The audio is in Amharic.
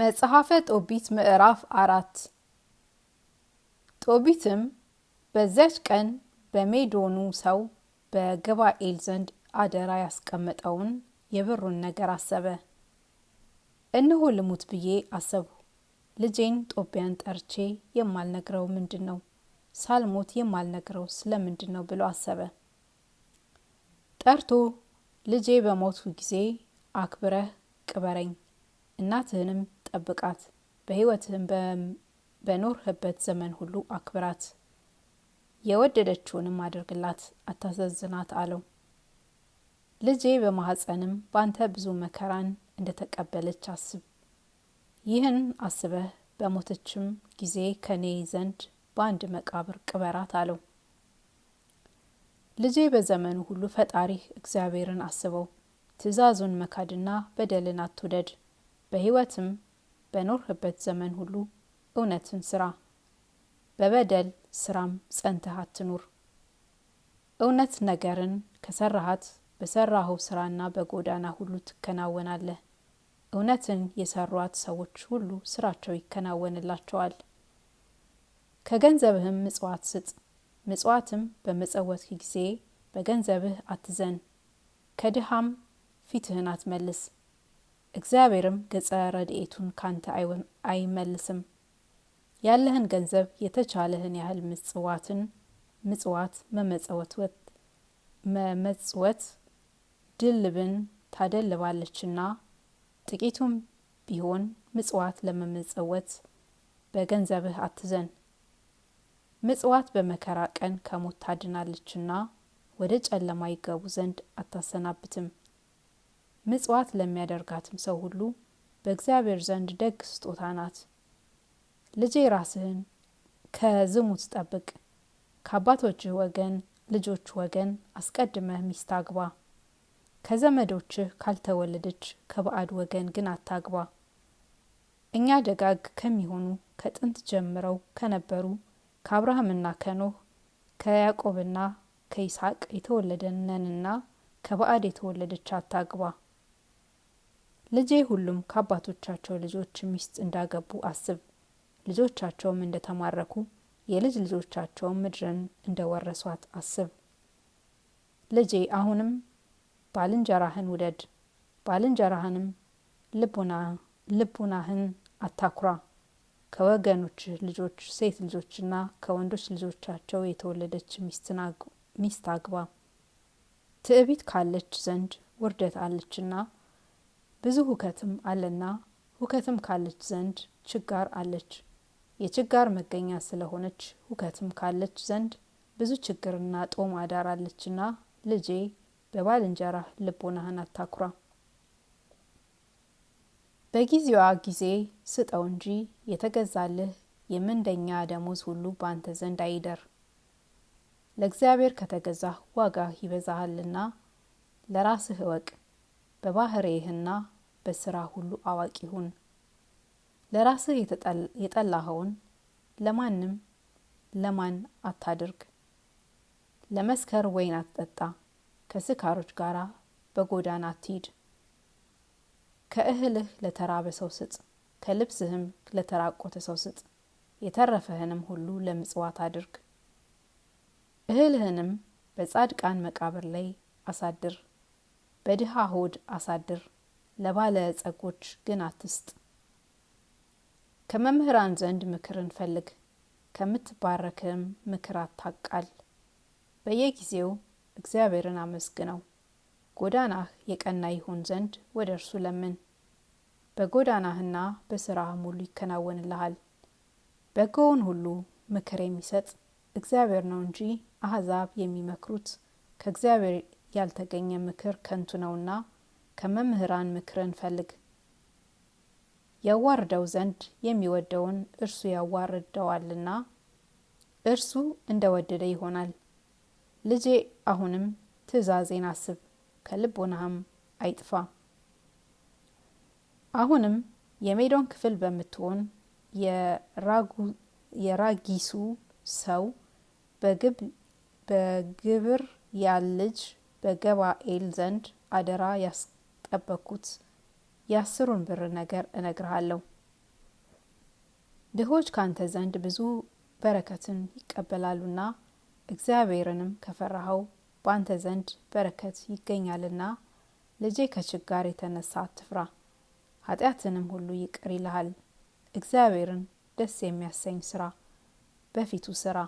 መጽሐፈ ጦቢት ምዕራፍ አራት ጦቢትም በዚያች ቀን በሜዶኑ ሰው በገባኤል ዘንድ አደራ ያስቀመጠውን የብሩን ነገር አሰበ። እነሆ ልሙት ብዬ አሰቡ። ልጄን ጦቢያን ጠርቼ የማልነግረው ምንድን ነው? ሳልሞት የማልነግረው ስለምንድን ነው ብሎ አሰበ። ጠርቶ ልጄ በሞቱ ጊዜ አክብረህ ቅበረኝ እናትህንም ጠብቃት፣ በሕይወትም በኖርህበት ዘመን ሁሉ አክብራት፣ የወደደችውንም አድርግላት፣ አታሳዝናት አለው። ልጄ በማኅፀንም በአንተ ብዙ መከራን እንደ ተቀበለች አስብ። ይህን አስበህ በሞተችም ጊዜ ከኔ ዘንድ በአንድ መቃብር ቅበራት አለው። ልጄ በዘመኑ ሁሉ ፈጣሪህ እግዚአብሔርን አስበው፣ ትእዛዙን መካድና በደልን አትውደድ። በሕይወትም በኖርህበት ዘመን ሁሉ እውነትን ስራ፣ በበደል ስራም ጸንተህ አትኑር። እውነት ነገርን ከሰራሃት በሰራኸው ስራና በጎዳና ሁሉ ትከናወናለህ። እውነትን የሰሯት ሰዎች ሁሉ ስራቸው ይከናወንላቸዋል። ከገንዘብህም ምጽዋት ስጥ፣ ምጽዋትም በመጸወት ጊዜ በገንዘብህ አትዘን፣ ከድሃም ፊትህን አትመልስ። እግዚአብሔርም ገጸ ረድኤቱን ካንተ አይመልስም። ያለህን ገንዘብ የተቻለህን ያህል ምጽዋትን ምጽዋት መመጽወት ድልብን ታደልባለችና ጥቂቱም ቢሆን ምጽዋት ለመመጸወት በገንዘብህ አትዘን። ምጽዋት በመከራ ቀን ከሞት ታድናለችና ወደ ጨለማ ይገቡ ዘንድ አታሰናብትም። ምጽዋት ለሚያደርጋትም ሰው ሁሉ በእግዚአብሔር ዘንድ ደግ ስጦታ ናት። ልጄ ራስህን ከዝሙት ጠብቅ። ከአባቶችህ ወገን ልጆች ወገን አስቀድመህ ሚስት አግባ። ከዘመዶችህ ካልተወለደች ከባዕድ ወገን ግን አታግባ። እኛ ደጋግ ከሚሆኑ ከጥንት ጀምረው ከነበሩ ከአብርሃምና ከኖህ ከያዕቆብና ከይስሐቅ የተወለደነንና ነንና ከባዕድ የተወለደች አታግባ። ልጄ ሁሉም ከአባቶቻቸው ልጆች ሚስት እንዳገቡ አስብ። ልጆቻቸውም እንደተማረኩ የልጅ ልጆቻቸውም ምድርን እንደወረሷት አስብ። ልጄ አሁንም ባልንጀራህን ውደድ፣ ባልንጀራህንም ልቡናህን አታኩራ። ከወገኖች ልጆች ሴት ልጆችና ከወንዶች ልጆቻቸው የተወለደች ሚስት አግባ። ትዕቢት ካለች ዘንድ ውርደት አለችና ብዙ ሁከትም አለና ሁከትም ካለች ዘንድ ችጋር አለች። የችጋር መገኛ ስለሆነች ሁከትም ካለች ዘንድ ብዙ ችግርና ጦም አዳር አለችና ልጄ በባልንጀራ ልቦናህን አታኩራ። በጊዜዋ ጊዜ ስጠው እንጂ የተገዛልህ የምንደኛ ደሞዝ ሁሉ በአንተ ዘንድ አይደር። ለእግዚአብሔር ከተገዛህ ዋጋ ይበዛሃልና ለራስህ እወቅ። በባህሬህና በስራ ሁሉ አዋቂ ሁን። ለራስህ የጠላኸውን ለማንም ለማን አታድርግ። ለመስከር ወይን አትጠጣ። ከስካሮች ጋር በጎዳና አትሂድ። ከእህልህ ለተራበ ሰው ስጥ፣ ከልብስህም ለተራቆተ ሰው ስጥ። የተረፈህንም ሁሉ ለምጽዋት አድርግ። እህልህንም በጻድቃን መቃብር ላይ አሳድር፣ በድሃ ሆድ አሳድር። ለባለ ጸጎች ግን አትስጥ። ከመምህራን ዘንድ ምክርን ፈልግ፣ ከምትባረክም ምክር አታቃል። በየጊዜው እግዚአብሔርን አመስግነው፣ ጎዳናህ የቀና ይሆን ዘንድ ወደ እርሱ ለምን። በጎዳናህና በስራህም ሁሉ ይከናወንልሃል። በጎውን ሁሉ ምክር የሚሰጥ እግዚአብሔር ነው እንጂ አሕዛብ የሚመክሩት ከእግዚአብሔር ያልተገኘ ምክር ከንቱ ነውና ከመምህራን ምክርን ፈልግ። ያዋርደው ዘንድ የሚወደውን እርሱ ያዋርደዋልና እርሱ እንደ ወደደ ይሆናል። ልጄ አሁንም ትእዛዜን አስብ፣ ከልቦናህም አይጥፋ። አሁንም የሜዶን ክፍል በምትሆን የራጊሱ ሰው በግብር ያል ልጅ በገባኤል ዘንድ አደራ ጠበኩት የአስሩን ብር ነገር እነግርሃለሁ። ድሆች ካንተ ዘንድ ብዙ በረከትን ይቀበላሉና እግዚአብሔርንም ከፈራኸው በአንተ ዘንድ በረከት ይገኛልና ልጄ ከችጋር የተነሳ አትፍራ፣ ኃጢአትንም ሁሉ ይቅር ይልሃል። እግዚአብሔርን ደስ የሚያሰኝ ስራ በፊቱ ስራ።